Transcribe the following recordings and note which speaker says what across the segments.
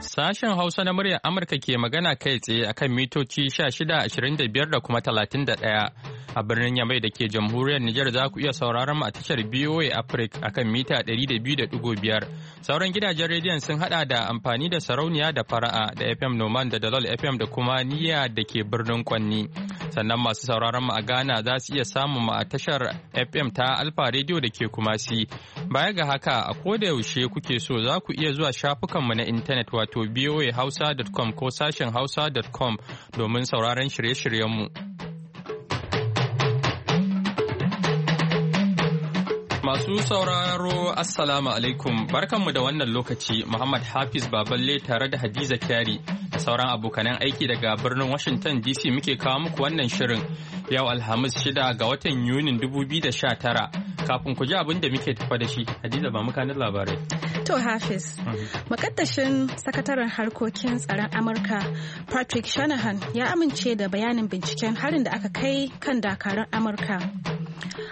Speaker 1: Sashen Hausa na muryar Amurka ke magana kai tsaye akan mitoci 1625 da kuma 31 a birnin Yamai da ke jamhuriyar Nijar za ku iya sauraron mu a tashar BOA Africa akan mita 200.5. Sauran gidajen rediyon sun hada da amfani da sarauniya da fara'a da FM Noman da Dalol FM da kuma Niyya da ke birnin Kwanni. Sannan masu sauraron mu a Ghana za su iya samun mu a tashar FM ta Alfa Radio da ke Kumasi. Baya ga haka a koda yaushe kuke so za ku iya zuwa shafukanmu na intanet wato wato voahausa.com ko sashen hausa.com domin sauraron shirye-shiryenmu. Masu sauraro Assalamu alaikum barkanmu da wannan lokaci Muhammad Hafiz Baballe tare da Hadiza Kyari da sauran abokanan aiki daga birnin Washington DC muke kawo muku wannan shirin yau Alhamis shida ga watan Yunin 2019 kafin ku ji abin da muke tafa da shi Hadiza ba mukanin labarai.
Speaker 2: To Hafiz, mhm. makaddashin sakataren harkokin tsaron Amurka Patrick Shanahan ya amince da bayanin binciken harin da aka kai kan dakarun Amurka.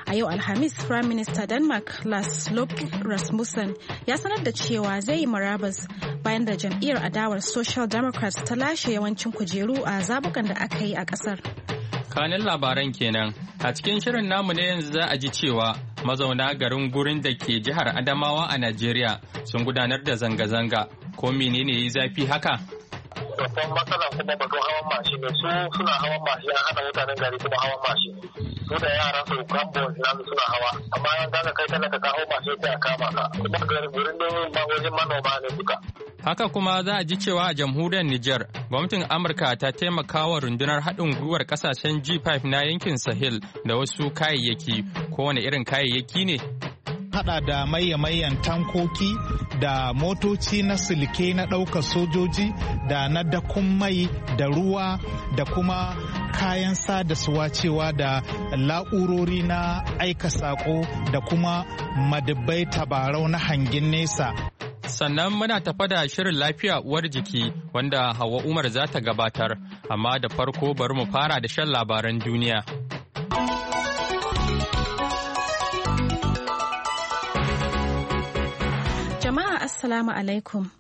Speaker 2: A yau Alhamis, Prime Minister Denmark Lars Løkke Rasmussen ya sanar da cewa zai yi marabas bayan da jam'iyyar adawar Social Democrats ta lashe yawancin kujeru a zabukan da aka yi a ƙasar.
Speaker 1: Kanin labaran kenan, a cikin shirin namu ne yanzu za a ji cewa mazauna garin gurin da ke jihar Adamawa a Najeriya sun gudanar da zanga-zanga. Ko menene ya zafi haka?
Speaker 3: babban matsalan kuma batun hawan mashi ne su suna hawan mashi an hana mutanen gari kuma hawan mashi su da yaran su kan su suna hawa amma yan zaka kai talaka ka kawo mashi sai a kama ka kuma gari gurin da wajen manoma ne duka
Speaker 1: Haka kuma za a ji cewa a jamhuriyar Nijar, gwamnatin Amurka ta taimaka wa rundunar haɗin gwiwar ƙasashen G5 na yankin Sahel da wasu kayayyaki, kowane irin kayayyaki ne
Speaker 4: hada da maye-mayen tankoki da motoci na silike na ɗaukar sojoji da na dakun mai da ruwa da kuma kayan sada suwacewa da la'urori na aika sako da kuma madubbai tabarau na hangin nesa
Speaker 1: sannan muna tafa da shirin lafiya uwar jiki wanda hawa umar za ta gabatar amma da farko bari mu fara da shan labaran duniya.
Speaker 2: Assalamu alaikum.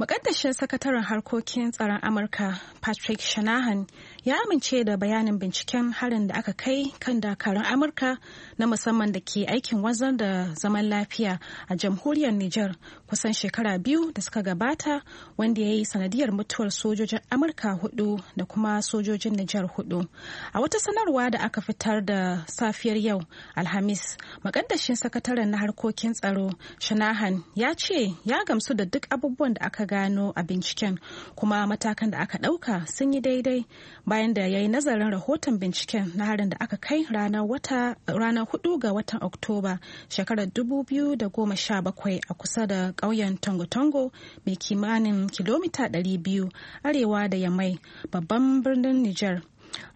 Speaker 2: Mukaddashin sakataren harkokin tsaron Amurka Patrick Shanahan ya amince da bayanin binciken harin da aka kai kan dakarun amurka na musamman da ke aikin wazar da zaman lafiya a jamhuriyar niger kusan shekara biyu da suka gabata wanda ya yi sanadiyar mutuwar sojojin amurka hudu da kuma sojojin niger hudu a wata sanarwa da aka fitar da safiyar yau alhamis makaddashin sakataren na harkokin tsaro shanahan ya ce ya gamsu da duk abubuwan da aka gano a binciken kuma matakan da aka ɗauka sun yi daidai bayan da ya yi nazarin rahoton binciken na harin da aka kai ranar hudu ga watan oktoba shekarar 2017 a kusa da ƙauyen tongo-tongo mai kimanin kilomita 200 arewa da yamai babban birnin niger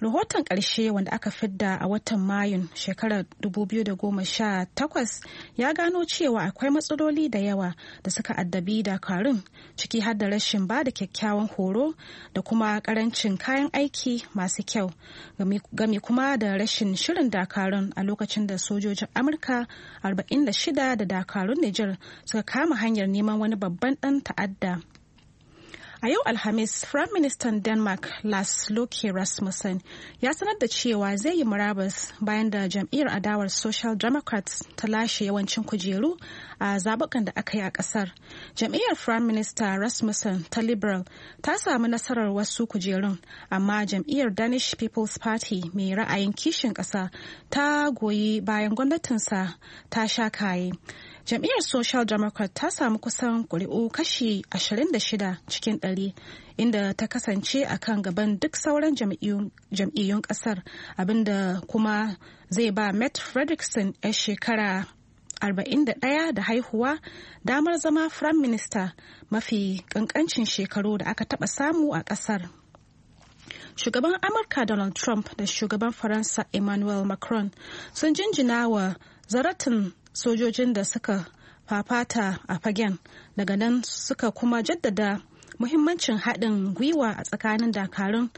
Speaker 2: rahoton ƙarshe wanda aka fidda a watan mayun shekarar 2018 ya gano cewa akwai matsaloli da yawa da suka addabi dakarun ciki har da rashin ba da kyakkyawan horo da kuma karancin kayan aiki masu kyau gami kuma da rashin shirin dakarun a lokacin da sojojin amurka 46 da dakarun niger suka kama hanyar neman wani babban ɗan ta'adda A yau Alhamis, Prime ministan Denmark Lars Loke Rasmussen ya sanar da cewa zai yi murabus bayan da jam'iyyar adawar Social Democrats ta lashe yawancin kujeru a zabukan da aka yi a ƙasar. Jam'iyyar Prime Minister Rasmussen ta Liberal ta samu nasarar wasu kujerun, amma jam'iyyar Danish People's Party mai ra'ayin kishin ƙasa ta goyi bayan gwamnatinsa ta sha kaye. jam'iyyar social democrat ta samu kusan kuri'u kashi 26 cikin ɗari inda ta kasance a kan gaban duk sauran jam'iyyun kasar abinda kuma zai ba matt fredrickson yar shekara 41 da haihuwa damar zama prime minister mafi kankancin shekaru da aka taɓa samu a kasar shugaban amurka donald trump da shugaban faransa emmanuel macron sun jinjina wa zaratin sojojin da suka fafata a fagen daga nan suka kuma jaddada muhimmancin haɗin gwiwa a tsakanin dakarun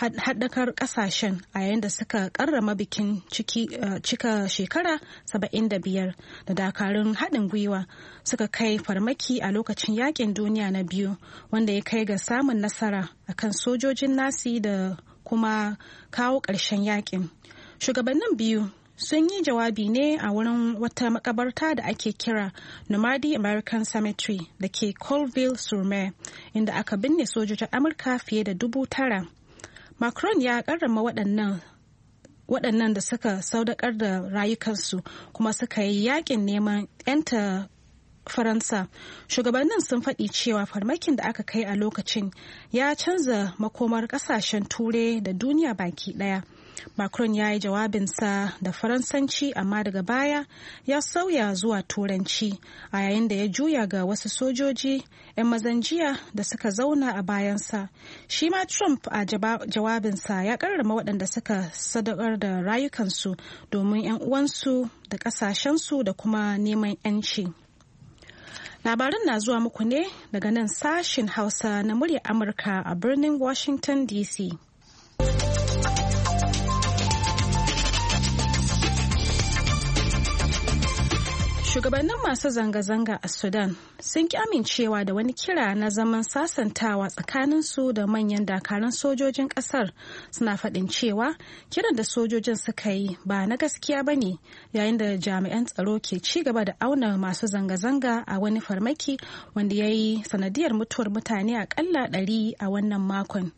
Speaker 2: haɗakar ƙasashen a yayin da suka ƙarrama bikin eh, cika shekara 75 da dakarun haɗin gwiwa suka kai farmaki a lokacin yaƙin duniya na biyu wanda ya kai ga samun nasara akan sojojin nasi da kuma kawo ƙarshen yaƙin shugabannin biyu sun yi jawabi ne a wurin wata makabarta da ake kira Nomadi American Cemetery da ke Colville Surme inda aka binne sojojin Amurka fiye da dubu tara. Macron ya karrama waɗannan waɗannan da suka saudakar da rayukansu kuma suka yi yakin neman 'yanta faransa shugabannin sun faɗi cewa farmakin da aka kai a lokacin ya canza makomar ƙasashen turai da duniya baki ɗaya. macron ya yi jawabinsa da faransanci amma daga baya ya sauya zuwa turanci a yayin da ya juya ga wasu sojoji 'yan mazan jiya da suka zauna a bayansa shi ma trump a jawabinsa ya karrama waɗanda suka sadaukar da rayukansu domin 'yan uwansu da ƙasashensu da kuma neman 'yanci labarin na zuwa muku ne daga nan sashen hausa na murya amurka a birnin washington dc Shugabannin masu zanga-zanga a Sudan sun ki amincewa da wani kira na zaman sasantawa tsakanin su da manyan dakaran sojojin kasar suna faɗin cewa kiran da sojojin suka yi ba na gaskiya ba ne yayin da jami'an tsaro ke ci gaba da auna masu zanga-zanga a wani farmaki wanda ya yi sanadiyar mutuwar mutane aƙalla ɗari a wannan makon.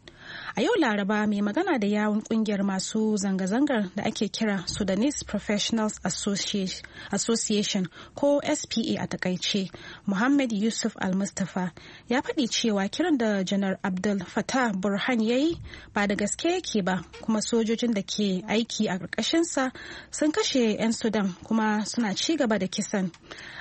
Speaker 2: A yau Laraba mai magana da yawun kungiyar masu zanga-zangar da ake kira Sudanese Professionals Association ko SPA a takaice, Muhammad Yusuf Al-Mustapha ya faɗi cewa kiran da Janar Abdul Fattah Burhan ya yi ba da gaske yake ba kuma sojojin da ke aiki a ƙarƙashinsa sun kashe 'yan Sudan kuma suna ci gaba da kisan.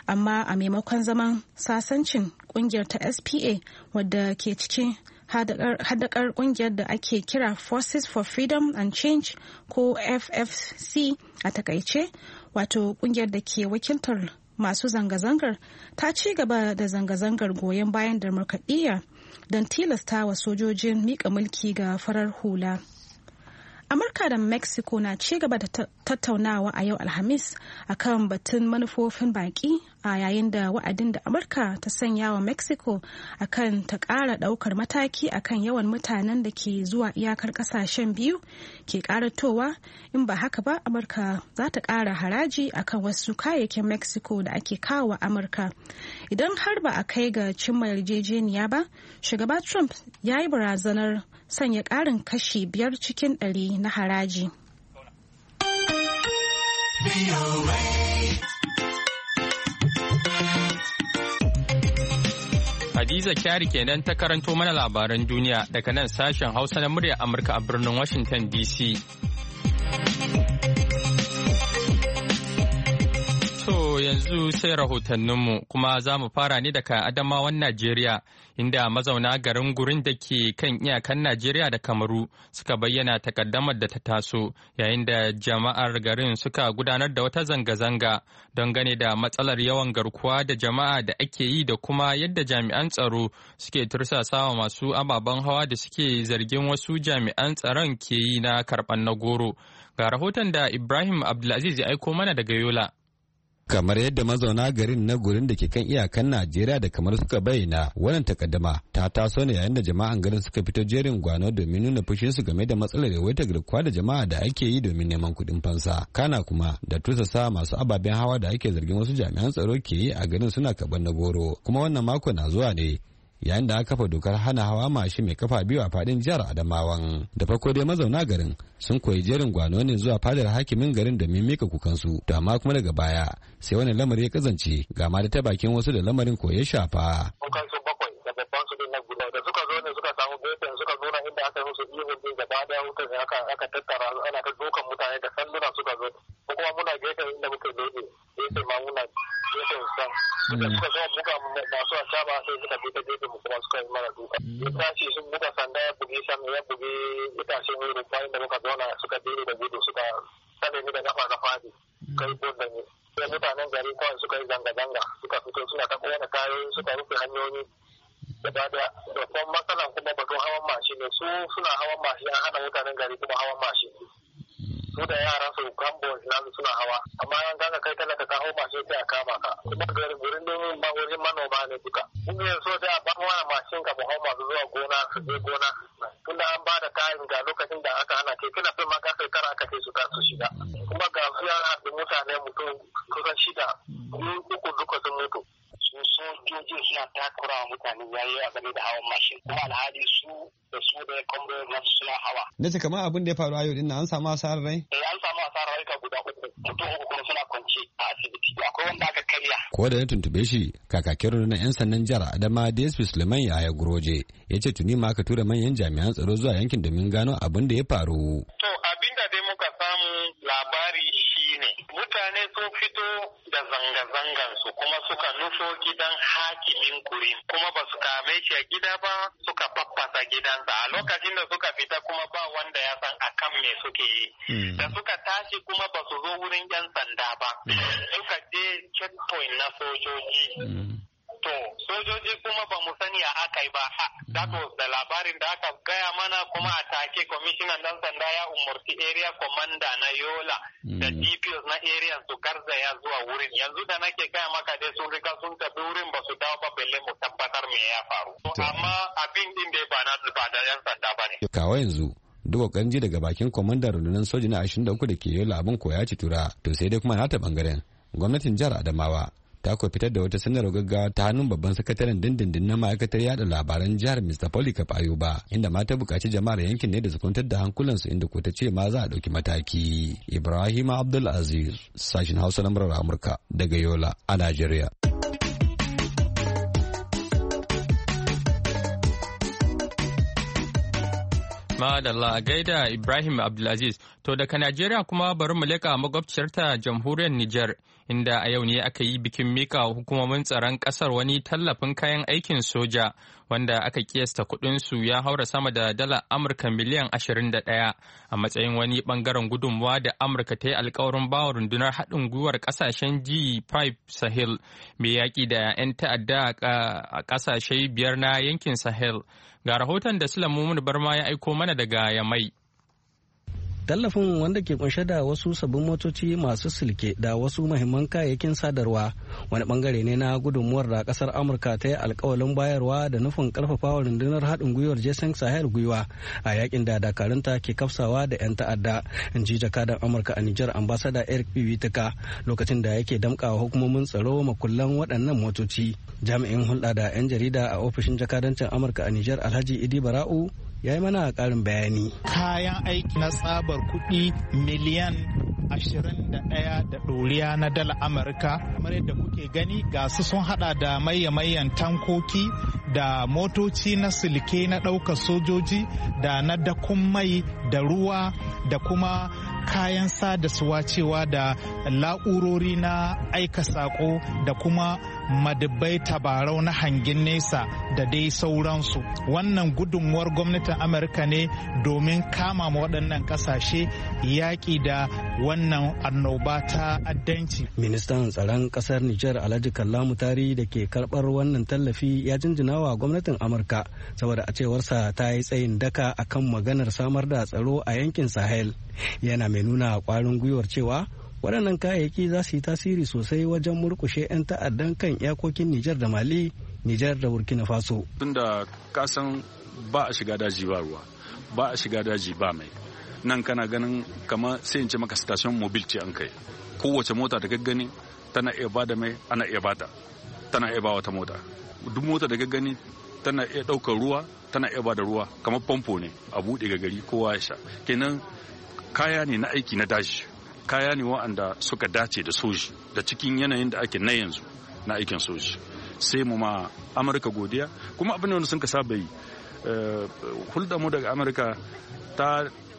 Speaker 2: Amma a maimakon zaman sasancin kungiyar ta SPA wadda ke cikin hadakar kungiyar da ake kira forces for freedom and change ko ffc a takaice wato kungiyar da ke wakiltar masu zanga-zangar ta ci gaba da zanga-zangar goyon bayan demokradiyya don tilasta wa sojojin mika mulki ga farar hula amurka da mexico na ci gaba da tattaunawa a yau alhamis akan batun manufofin baki a yayin da wa'adin da amurka ta sanya wa mexico akan ta ƙara ɗaukar mataki akan yawan mutanen da ke zuwa iyakar ƙasashen biyu ke ƙaratowa in ba haka ba amurka za ta ƙara haraji akan wasu kayayyakin mexico da ake kawo amurka idan har ba a kai ga cimma yarjejeniya ba shugaba trump ya yi barazanar sanya ƙarin kashi biyar cikin ɗari na haraji.
Speaker 1: Khadija Kyari kenan ta karanto mana labaran duniya daga nan sashen Hausa na murya Amurka a birnin Washington DC. yanzu sai rahotanninmu kuma za mu fara ne daga Adamawan Najeriya inda mazauna garin gurin da ke kan iyakan Najeriya da Kamaru suka bayyana takaddamar da ta taso yayin da jama'ar garin suka gudanar da wata zanga-zanga don gane da matsalar yawan garkuwa da jama'a da ake yi da kuma yadda jami'an tsaro suke tursasawa masu ababen hawa da suke zargin wasu jami'an tsaron ke yi na karɓar na goro. Ga rahoton da Ibrahim Abdulaziz ya aiko mana daga Yola.
Speaker 5: kamar yadda mazauna garin na gurin da ke kan iyakan najeriya da kamar suka bayyana wannan takaddama ta taso ne yayin da jama'an garin suka fito jerin gwano domin nuna fushin su game da matsalar yawaitar garkuwa da jama'a da ake yi domin neman kuɗin fansa kana kuma da tusasa masu ababen hawa da ake zargin wasu jami'an tsaro ke yi a garin suna kaban na goro kuma wannan mako na zuwa ne yayin da aka kafa dokar hana hawa mashi mai kafa biyu a fadin jihar adamawan da farko dai mazauna garin sun koyi jerin gwano ne zuwa fadar hakimin garin da mika kukansu to amma kuma daga baya sai wani lamari ya kazance ga ma da ta bakin wasu da lamarin ko ya shafa
Speaker 3: aka tattara ana ta dokan mutane da sanduna suka zo ko kuma muna gefen inda muke doge gefe ma muna duka mm. suka zo buga masu a caba sai suka
Speaker 4: bi ta gefe kuma suka yi mara duka mm. ya tashi sun buga sanda ya buge sanda ya
Speaker 3: buge itacen yi rufa inda muka zauna suka dere da gudu suka tsare ni da kafa na fadi
Speaker 4: mm. kai
Speaker 3: bon da ni sai mutanen gari kawai suka yi zanga-zanga suka fito suna ta kowane kayoyi suka rufe hanyoyi gaba daya sha'awa.
Speaker 5: Na ce kamar abin da ya faru a yau din an samu asarar rai?
Speaker 3: Eh an samu asarar rai ka guda uku mutum uku kuma suna
Speaker 5: kwance a asibiti akwai wanda aka karya. Ko da na tuntube shi kakakin rundunar 'yan sandan jihar Adama DSP Suleiman Yahaya Guroje ya ce tuni ma aka tura manyan jami'an tsaro zuwa yankin domin gano abin da ya faru. To suka nufo gidan
Speaker 3: hakimin kurin kuma ba su kame shi a gida ba suka faffasa gidansa a lokacin da suka fita kuma ba wanda ya san akan me suke yi hmm. da suka tashi kuma ba su zo wurin yan sanda ba hmm. suka je checkpoint na sojoji hmm. to sojoji kuma ba mu sani a aka yi ba that was da labarin da aka gaya mana kuma a take kwamishinan dan sanda ya umarci area commander na yola da mm. DPS na area su garzaya zuwa wurin yanzu da nake gaya maka dai sun riga sun tafi wurin ba su dawo ba belle mu tabbatar me ya faru amma abin din da ba na zuba da yan sanda ba ne
Speaker 5: kawai yanzu duk kan ji daga bakin kwamandan rundunar soja na 23 da ke yola abin koya ci tura to sai dai kuma na ta bangaren gwamnatin jihar adamawa ta kuwa fitar da wata sanar gaggawa ta hannun babban sakataren dindindin na ma'aikatar yada labaran jihar Mr. Polycarp Ayuba inda ma ta buƙaci jama'ar yankin ne da su kwantar da hankulansu inda ko ta ce ma za a ɗauki mataki. Ibrahim Abdul Aziz sashin Hausa na murar Amurka daga Yola a Najeriya.
Speaker 1: Madalla a gaida Ibrahim Abdulaziz. To daga Najeriya kuma bari mu leƙa magwabciyarta jamhuriyar Nijar inda a yau ne aka yi bikin mika hukumomin tsaron kasar wani tallafin kayan aikin soja wanda aka kiyasta kudinsu ya haura sama da dala amurka miliyan 21 a matsayin wani bangaren gudunmuwa da amurka ta yi alkawarin bawa rundunar haɗin gwiwar ƙasashen g5 sahel mai yaƙi da 'yan ta'adda a ƙasashe biyar na yankin sahel ga rahoton da sulamun barma ya aiko mana daga yamai
Speaker 6: tallafin wanda ke kunshe da wasu sabbin motoci masu silke da wasu mahimman kayayyakin sadarwa wani bangare ne na gudunmuwar da kasar amurka ta yi alkawalin bayarwa da nufin wa rundunar haɗin gwiwar jason sahel gwiwa a yakin da dakarunta ke kafsawa da 'yan ta'adda in ji jakadan amurka a nijar ambasada eric pivitika lokacin da yake damkawa hukumomin tsaro makullan waɗannan motoci jami'in hulɗa da 'yan jarida a ofishin jakadancin amurka a nijar alhaji idi bara'u ya yi mana karin bayani.
Speaker 4: Kayan aiki na tsabar kuɗi miliyan ashirin da ɗaya da ɗoriya na dala Amurka. Kamar yadda kuke gani ga su sun hada da maye-mayen tankoki da motoci na silke na ɗaukar sojoji da na dakun mai da ruwa da kuma kayan sada suwa cewa da la'urori na aika sako da kuma madubbai tabarau na hangin nesa da dai sauransu wannan gudunmuwar gwamnatin amurka ne domin kama waɗannan ƙasashe yaƙi da wannan annoba ta addanci ministan
Speaker 6: tsaron ƙasar nijar alhaji kallamu tari da ke karɓar wannan tallafi ya jinjina wa gwamnatin amurka saboda a cewarsa ta yi tsayin daka akan maganar samar da tsaro a yankin sahel yana mai nuna ƙwarin gwiwar cewa waɗannan kayayyaki za su yi tasiri sosai wajen murkushe 'yan ta'addan kan iyakokin nijar da mali nijar da burkina faso
Speaker 1: tunda kasan ba a shiga daji ba ruwa ba a shiga daji ba mai nan kana ganin kama sai in ce maka station mobil ce an kai kowace mota da gaggani tana iya bada mai ana iya bata tana iya ba wata mota duk mota da gaggani tana iya ɗaukar ruwa tana iya bada ruwa kamar famfo ne a buɗe ga gari kowa ya sha kenan kaya ne na aiki na daji kaya ne waɗanda suka dace da soji da cikin yanayin da ake na yanzu na aikin soji sai mu ma amurka godiya kuma abin wani sun ka saba yi eh, hulɗa mu daga amurka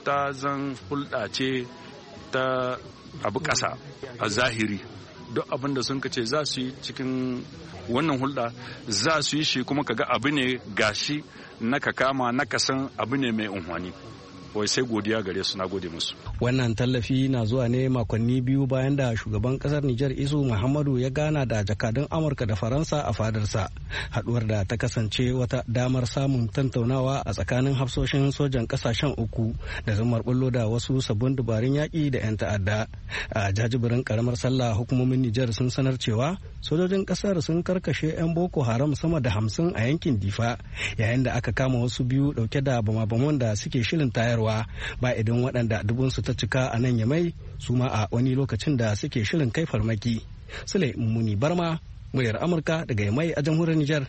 Speaker 1: ta zan hulɗa ce ta abu ƙasa a zahiri duk abin da sun ka ce za su yi cikin wannan hulɗa za su yi shi kuma ga abu ne gashi na ka kama na kasan abu ne mai unhwani wai sai godiya gare su na gode musu
Speaker 6: wannan tallafi na zuwa ne makonni biyu bayan da shugaban kasar Nijar Isu Muhammadu ya gana da jakadun Amurka da Faransa a fadarsa haduwar da ta kasance wata damar samun tantaunawa a tsakanin hafsoshin sojan kasashen uku da zumar bullo da wasu sabbin dubarun yaƙi da 'yan ta'adda a jajibirin karamar sallah hukumomin Nijar sun sanar cewa sojojin kasar sun karkashe 'yan Boko Haram sama da hamsin a yankin Difa yayin da aka kama wasu biyu dauke da bama-baman da suke shirin tayarwa gudanarwa ba idan waɗanda dubunsu ta cika a nan yamai su ma a wani lokacin da suke shirin kai farmaki sule muni barma muryar amurka daga yamai a jamhuriyar nijar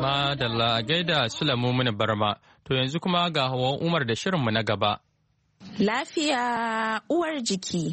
Speaker 1: Madalla a gaida Sulamu muni barma, to yanzu kuma ga hawan Umar da shirin mu na gaba.
Speaker 7: Lafiya uwar jiki.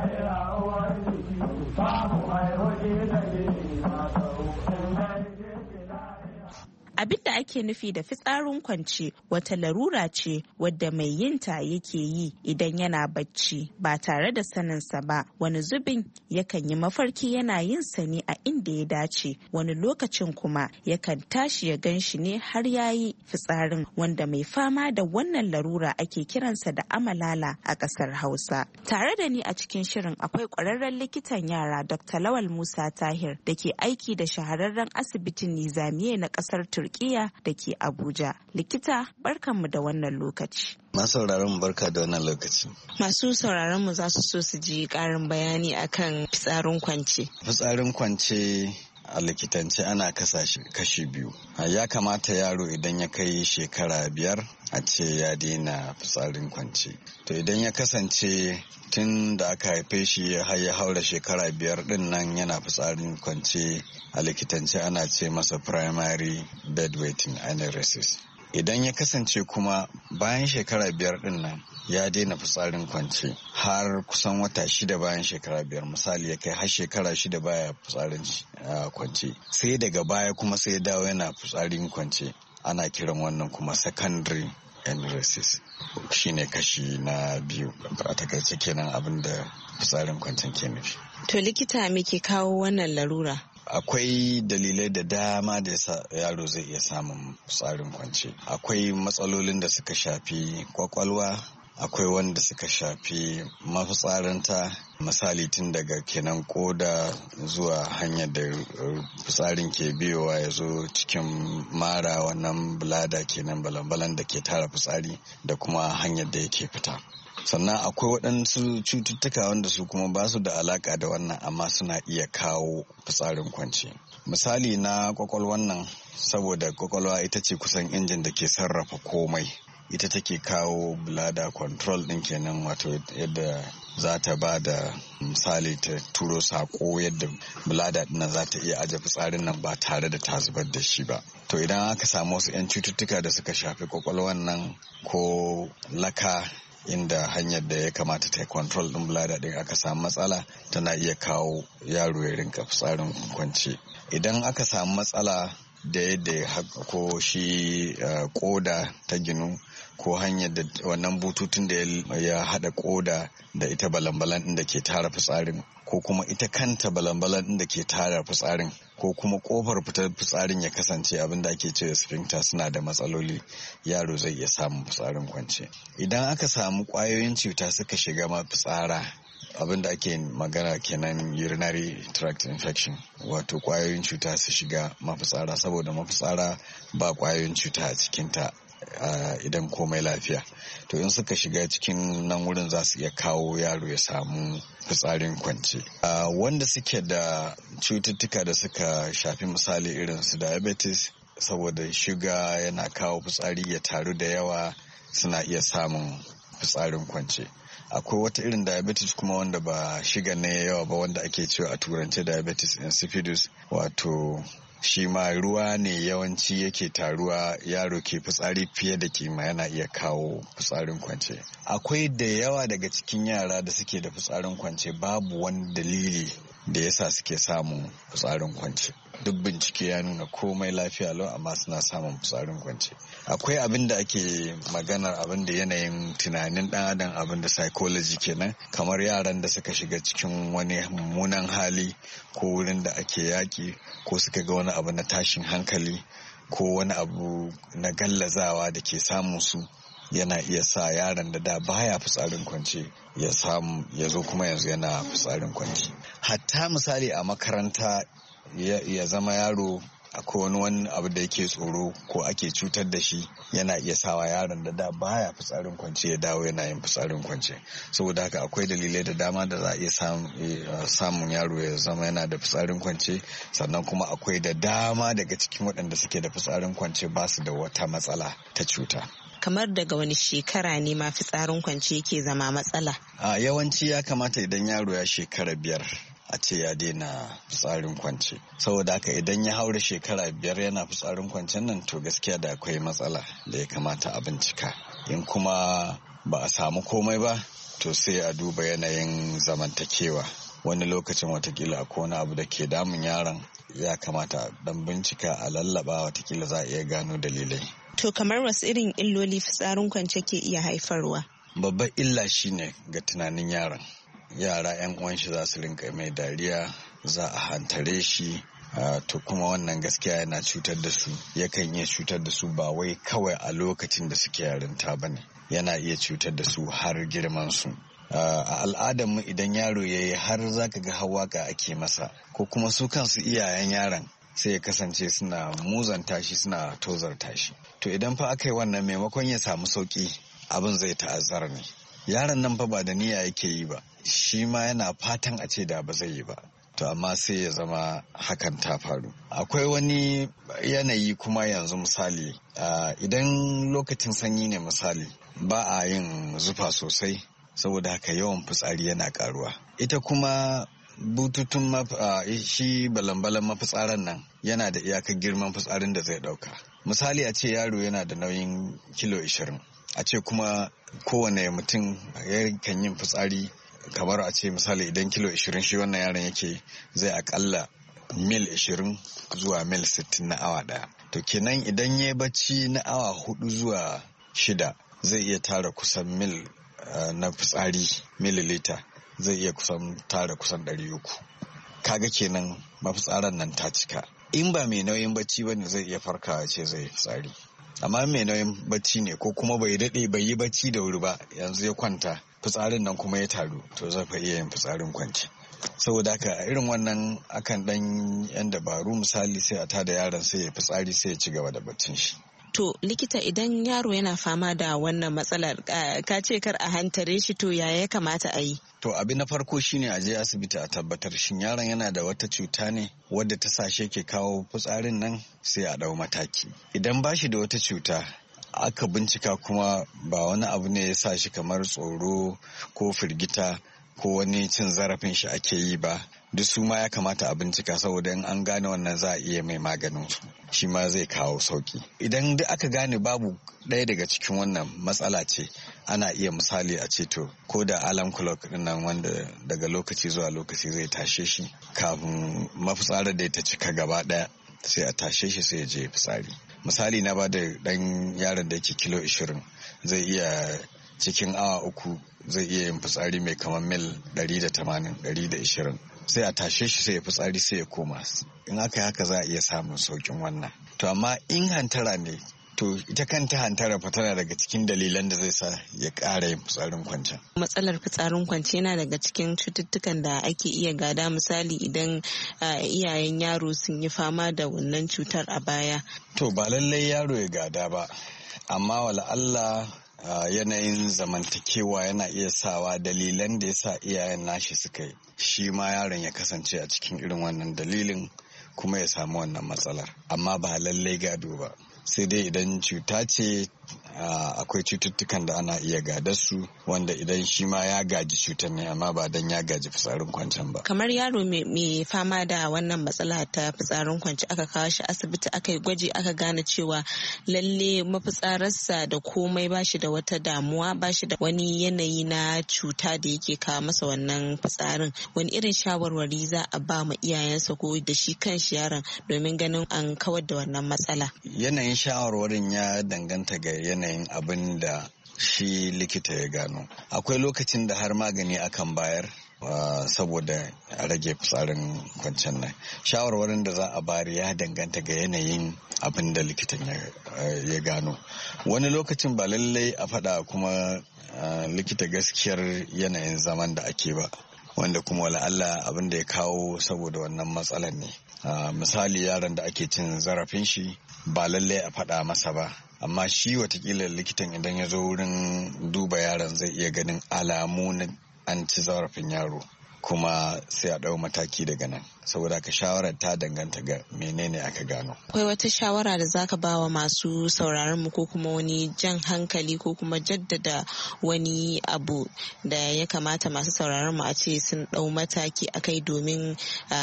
Speaker 7: abin da ake nufi da fitsarin kwance wata larura ce wadda mai yinta yake yi idan yana bacci ba tare da saninsa ba wani zubin yakan yi mafarki yana yin sani a inda ya dace wani lokacin kuma yakan tashi ya gan shi ne har yayi fitsarin wanda mai fama da wannan larura ake kiransa da amalala a ƙasar hausa tare da ni a cikin shirin akwai ƙwararren likitan yara dr lawal musa tahir da ke aiki da shahararren asibitin nizamiye na ƙasar turkiyya Turkiya da ke Abuja. Likita barkanmu da wannan lokaci.
Speaker 8: Masu sauraron barka da wannan lokaci.
Speaker 7: Masu sauraron mu za su so su ji karin bayani akan fitsarin kwance.
Speaker 8: Fitsarin kwance a likitance ana kasa kashi biyu ah, ya kamata yaro idan ya kai shekara biyar a ce ya daina fitsarin kwance to idan ya kasance tun da aka haife shi har ya haura shekara biyar din nan yana fitsarin kwance a likitance ana ce masa primary bedwetting anaresis idan ya kasance kuma bayan shekara biyar din nan ya daina fitsarin kwance har kusan wata shida bayan shekara biyar misali ya kai har shekara shida baya fitsarin ah, kwance sai daga baya kuma sai dawo yana fitsarin kwance ana kiran wannan kuma secondary enresis shine kashi na biyu a takaice kenan abin da fitsarin kwancen ke nufi
Speaker 7: to likita me ke kawo wannan larura
Speaker 8: akwai dalilai da dama da yasa yaro zai iya samun tsarin kwance akwai matsalolin da suka shafi kwakwalwa akwai wanda suka shafi tsarinta misali tun daga kenan koda zuwa hanyar da fitsarin ke biyowa ya zo cikin mara wannan bulada kenan balan-balan da ke tara fitsari da kuma hanyar da yake fita sannan akwai waɗansu cututtuka wanda su kuma ba su da alaƙa da wannan amma suna iya kawo fitsarin kwanci misali na kwakwalwan nan saboda kwakwalwa ita ce kusan injin da ke sarrafa komai ita take kawo blada control din kenan wato yadda za ta ba da misali ta turo sako yadda bladder din za ta iya aje fitsarin nan ba tare da ta zubar da shi ba to idan aka samu wasu 'yan cututtuka da suka shafi kwakwalwan nan ko laka inda hanyar da ya kamata ta yi control din bladder din aka samu matsala tana iya kawo yaro ya rinka tsarin kwance idan aka samu matsala da yadda ko shi koda eh, ta ginu ko hanyar da wannan bututun da ya haɗa koda da ita balambalan ɗin da ke tara fitsarin ko kuma ita kanta balambalan ɗin da ke tara fitsarin ko kuma kofar fitar fitsarin ya kasance abin da ake cewa sphincter suna da matsaloli yaro zai iya samun fitsarin kwance idan aka samu kwayoyin cuta suka shiga ma fitsara abin da ake magana kenan urinary tract infection wato kwayoyin cuta su shiga mafitsara saboda mafitsara ba kwayoyin cuta a cikinta idan komai lafiya to in suka shiga cikin nan wurin za su iya kawo yaro ya samu fitsarin kwance wanda suke da cututtuka da suka shafi misali irin su diabetes saboda shiga yana kawo fitsari ya taru da yawa suna iya samun fitsarin kwance akwai wata irin diabetes kuma wanda ba shiga ne yawa ba wanda ake cewa a turance diabetes insipidus wato shi ma ruwa ne yawanci yake taruwa yaro ke fitsari fiye da kima yana iya kawo fitsarin kwance akwai da yawa daga cikin yara da suke da fitsarin kwance babu wani dalili da yasa suke samun fitsarin kwance duk bincike ya nuna komai lafiya lau amma suna samun fitsarin kwance akwai abin da ake maganar abin da yanayin tunanin dan adam abin da psychology kenan kamar yaran da suka shiga cikin wani mummunan hali ko wurin da ake yaki ko suka ga wani abu na tashin hankali ko wani abu na gallazawa da ke samun su yana iya sa yaron da da baya fitsarin kwance ya samu ya zo kuma yanzu yana fitsarin kwance hatta misali a makaranta ya zama yaro akwai wani wani abu da yake tsoro ko ake cutar da shi yana iya sawa yaron da da baya fitsarin kwance ya dawo yana yin fitsarin kwance saboda haka akwai dalilai da dama da za a iya eh, samun yaro ya zama yana da fitsarin kwance sannan kuma akwai da dama daga cikin waɗanda suke da fitsarin kwance ba su da wata matsala ta cuta
Speaker 7: kamar daga wani shekara ne ma fitsarin kwance yake zama matsala
Speaker 8: a yawanci ya kamata idan yaro ya shekara biyar a ce ya daina fitsarin kwance saboda haka idan ya haura shekara biyar yana fitsarin kwancen nan to gaskiya da akwai matsala da ya kamata a bincika in kuma ba a samu komai ba to sai a duba yanayin zamantakewa wani lokacin watakila ko wani abu da ke damun yaron ya kamata dan bincika a lallaba watakila za a iya gano dalilai
Speaker 7: To kamar wasu irin illoli fitsarin kwance ke iya haifarwa?
Speaker 8: Babban illa shine ga tunanin yaron. Yara 'yan uwan shi za su rinka mai dariya, za a hantare shi, to kuma wannan gaskiya yana cutar da su yakan iya cutar da su ba wai kawai a lokacin da suke yarinta ba ne yana iya cutar da su har girman su a al'adarmu idan yaro ya yi har zaka ga hawaka ake masa ko kuma su kansu iyayen yaron sai ya kasance suna muzanta shi suna tozarta tashi to idan fa aka yi wannan maimakon ya samu sauki abin zai ta'azzara ne yaron nan fa ba da niyya yake yi ba shi ma yana fatan a ce da ba zai yi ba to amma sai ya zama hakan ta faru akwai wani yanayi kuma yanzu misali idan lokacin sanyi ne misali ba a yin zufa sosai saboda haka yawan fitsari yana karuwa ita kuma bututun shi balambalan mafitsaran nan yana da iyakar girman fitsarin da zai dauka misali a ce yaro yana da nauyin kilo 20 a ce kuma kowane mutum kan yin fitsari kamar a ce misali idan kilo 20 shi wannan yaron yake zai akalla mil 20 zuwa mil 60 na awa daya to kenan idan ya bacci na awa hudu zuwa shida zai iya tara kusan mil na fitsari mililita zai iya kusan tara kusan ɗari uku kaga kenan mafitsaran nan ta cika in ba mai nauyin bacci ba ne zai iya farkawa ce zai fitsari amma mai nauyin bacci ne ko kuma bai daɗe bai yi bacci da wuri ba yanzu ya kwanta fitsarin nan kuma ya taru to zai fa iya yin fitsarin kwanci saboda haka irin wannan akan ɗan yan dabaru misali sai a tada yaron sai ya fitsari sai ya ci gaba da baccin shi
Speaker 7: To likita idan yaro yana fama da wannan matsalar ka ce kar a hantare shi to ya ya kamata a yi?
Speaker 8: To abin na farko shine a je asibiti a tabbatar shin yaron yana da wata cuta ne wadda ta sashe ke kawo fitsarin nan sai a dau mataki. Idan ba shi da wata cuta aka bincika kuma ba wani abu ne ya sa shi kamar tsoro ko firgita ko wani cin zarafin shi ake yi ba duk su ma ya kamata a bincika saboda in an gane wannan za a iya mai maganin su shi ma zai kawo sauki idan duk aka gane babu ɗaya daga cikin wannan matsala ce ana iya misali a ce to ko da alam clock nan wanda daga lokaci zuwa lokaci zai tashe shi kafin mafitsarar da ta cika gaba ɗaya sai a tashe shi sai ya je fitsari misali na ba da ɗan yaron da yake kilo 20 zai iya cikin awa uku zai iya yin fitsari mai kamar mil 180-120 sai a tashe shi sai ya fitsari sai ya koma in aka yi haka za a iya samun saukin wannan to amma in hantara ne to ita kanta hantara tana daga cikin dalilan da zai sa ya ƙara yin fitsarin kwance.
Speaker 7: Matsalar fitsarin kwance yana daga cikin cututtukan da ake iya gada misali idan iyayen yaro sun yi fama da wannan cutar a baya.
Speaker 8: To ba lallai yaro ya gada ba, amma wala Allah yanayin zamantakewa yana iya sawa dalilan da ya sa iyayen nashi suka yi shi ma yaron ya kasance a cikin irin wannan dalilin kuma ya samu wannan matsalar amma ba lallai gado ba sai dai idan cuta ce Ah, akwai cututtukan da ana iya gada su wanda idan shi ma ya gaji cutar ne amma ba dan ya gaji fitsarin kwancen ba
Speaker 7: kamar yaro mai fama da wannan matsala ta fitsarin kwance aka kawo shi asibiti aka yi gwaji aka gane cewa lalle mafitsararsa da komai ba shi da wata damuwa ba shi da wani yanayi na cuta da yake kawo masa wannan fitsarin wani irin shawarwari za a ba ma iyayensa ko da shi kan shi yaron domin ganin an kawar da wannan matsala
Speaker 8: yanayin shawarwarin ya danganta ga yanayin abin da shi likita ya gano akwai lokacin da har magani akan bayar ah, saboda a rage fitsarin kwancen nan shawarwarin da za a bari ya danganta ga yanayin abin da likitan eh, ya gano wani lokacin ba lallai a faɗa kuma ah, likita gaskiyar yanayin zaman da ake ba wanda kuma wala'alla abin da ya kawo saboda wannan matsalar ne ah, misali yaron da ake cin zarafin shi ba lallai a faɗa masa ba amma shi watakila likitan idan ya zo wurin duba yaron zai iya ganin alamu na an ci zarafin yaro kuma sai a ɗau mataki daga nan saboda ka shawarar ta danganta ga menene aka gano
Speaker 7: akwai wata shawara da zaka ba wa masu sauraron mu ko kuma wani jan hankali ko kuma jaddada wani abu da ya kamata masu sauraron mu a ce sun ɗau mataki akai domin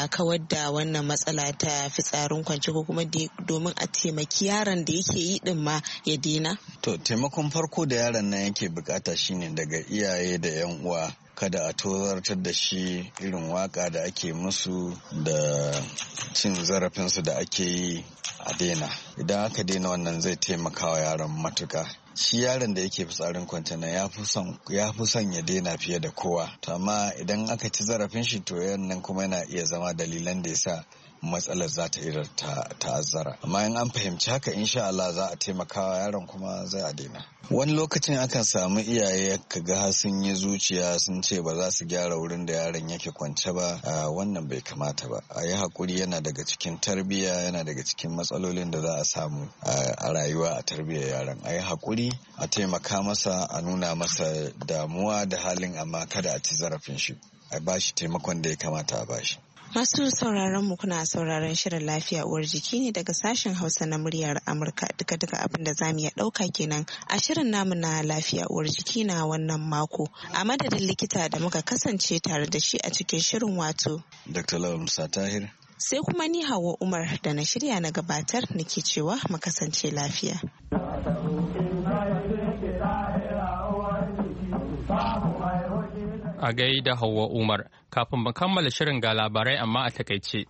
Speaker 7: kawar da wannan matsala ta fitsarin kwance ko kuma domin a taimaki yaron da yake yi din ma ya daina
Speaker 8: to taimakon farko da yaron nan yake bukata shine daga iyaye da yan uwa kada a tozartar da shi irin waka da ake musu da cin zarafinsu da ake yi a daina idan aka daina wannan zai taimaka wa yaron matuka shi yaron da yake fitsarin kwantena ya fi son ya daina fiye da kowa to amma idan aka ci zarafin shi to yannan kuma yana iya zama dalilan da ya sa. matsalar za ta irar ta'azzara amma in an fahimci haka insha Allah za a taimakawa yaron kuma zai a daina wani lokacin akan samu iyaye ka ga sun yi zuciya sun ce ba za su gyara wurin da yaron yake kwance ba wannan bai kamata ba a yi hakuri yana daga cikin tarbiyya yana daga cikin matsalolin da za a samu a rayuwa a tarbiyyar yaron a yi hakuri a taimaka masa a nuna masa damuwa da halin amma kada a ci zarafin shi a bashi taimakon da ya kamata a bashi
Speaker 7: Masu sauraron mu kuna sauraron shirin lafiya uwar jiki ne daga sashen Hausa na muryar Amurka duka duka abin da zamu iya dauka kenan a shirin namu na lafiya uwar jiki na wannan mako. A madadin likita da muka kasance tare da shi a cikin shirin wato.
Speaker 8: Dr. Lawal Musa Tahir.
Speaker 7: Sai kuma ni Hawa Umar da na shirya na gabatar nake cewa mu kasance lafiya.
Speaker 1: A da Hauwa Umar, kafin mu kammala shirin ga labarai amma a takaice.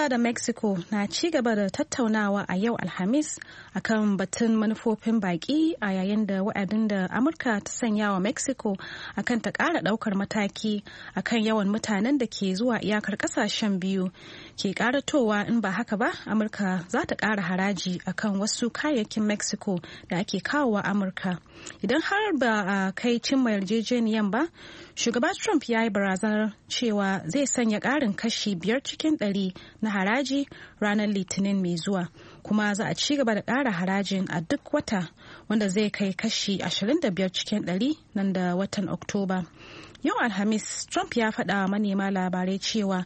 Speaker 2: Amurka da Mexico na ci gaba da tattaunawa a yau Alhamis akan batun manufofin baki a yayin da wa'adin da Amurka ta sanya wa Mexico akan ta ƙara ɗaukar mataki akan yawan mutanen da ke zuwa iyakar ƙasashen biyu ke ƙaratowa in ba haka ba Amurka za ta ƙara haraji akan wasu kayayyakin Mexico da ake kawowa Amurka. Idan har ba a kai cimma yarjejeniyan ba, shugaba Trump ya yi barazanar cewa zai sanya ƙarin kashi biyar cikin ɗari na na haraji ranar litinin mai zuwa kuma za a ci gaba da ƙara harajin a duk wata wanda zai kai kashi 25 cikin 100 nan da watan oktoba yau alhamis trump ya faɗa wa manema labarai cewa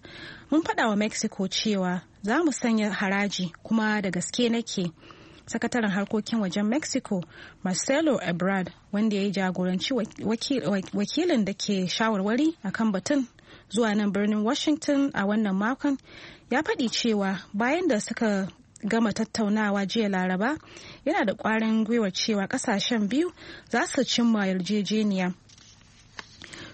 Speaker 2: mun faɗa wa mexico cewa za mu sanya haraji kuma da gaske nake sakataren harkokin wajen mexico marcelo ebrard wanda ya yi jagoranci wakilin da ke shawarwari akan batun zuwa nan birnin Washington a wannan makon ya faɗi cewa bayan da suka gama tattaunawa jiya laraba yana da ƙwarin gwiwar cewa ƙasashen biyu za su cimma yarjejeniya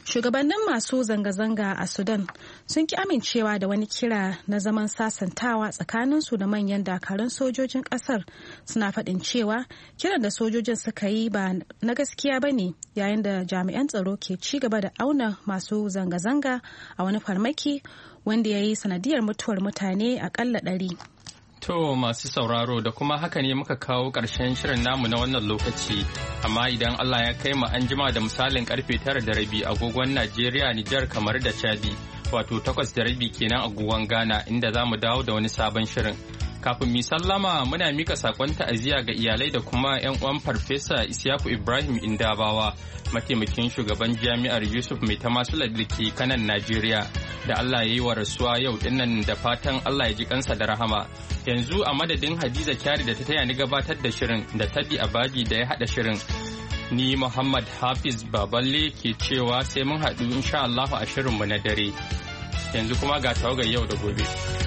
Speaker 2: shugabannin masu zanga-zanga a sudan sun ki amincewa da wani kira na zaman sasantawa tsakanin su da manyan dakarun sojojin kasar suna faɗin cewa kiran da sojojin suka yi ba na gaskiya ba ne yayin da jami'an tsaro ke ci gaba da auna masu zanga-zanga a wani farmaki wanda ya yi sanadiyar mutuwar mutane akalla ɗari.
Speaker 1: To masu sauraro da kuma haka ne muka kawo ƙarshen shirin namu na wannan lokaci, amma idan Allah ya kai mu an jima da misalin karfe tara da rabi agogon Najeriya Nijar kamar da Chadi, wato takwas da rabi kenan agogon Ghana inda za mu dawo da wani sabon shirin. Kafin mi sallama muna mika sakon ta'aziyya ga iyalai da kuma 'yan uwan Farfesa Isyaku Ibrahim Indabawa, mataimakin shugaban jami'ar Yusuf Mai ta masu kanan Najeriya, da Allah ya yi wa rasuwa yau dinnan da fatan Allah ya ji kansa da rahama. Yanzu a madadin Hadiza Kyari da ta taya ni gabatar da shirin da Tabi Abadi da ya haɗa shirin. Ni Muhammad Hafiz Baballe ke cewa sai mun haɗu inshaAllahu a shirin mu na dare. Yanzu kuma ga tawagar yau da gobe.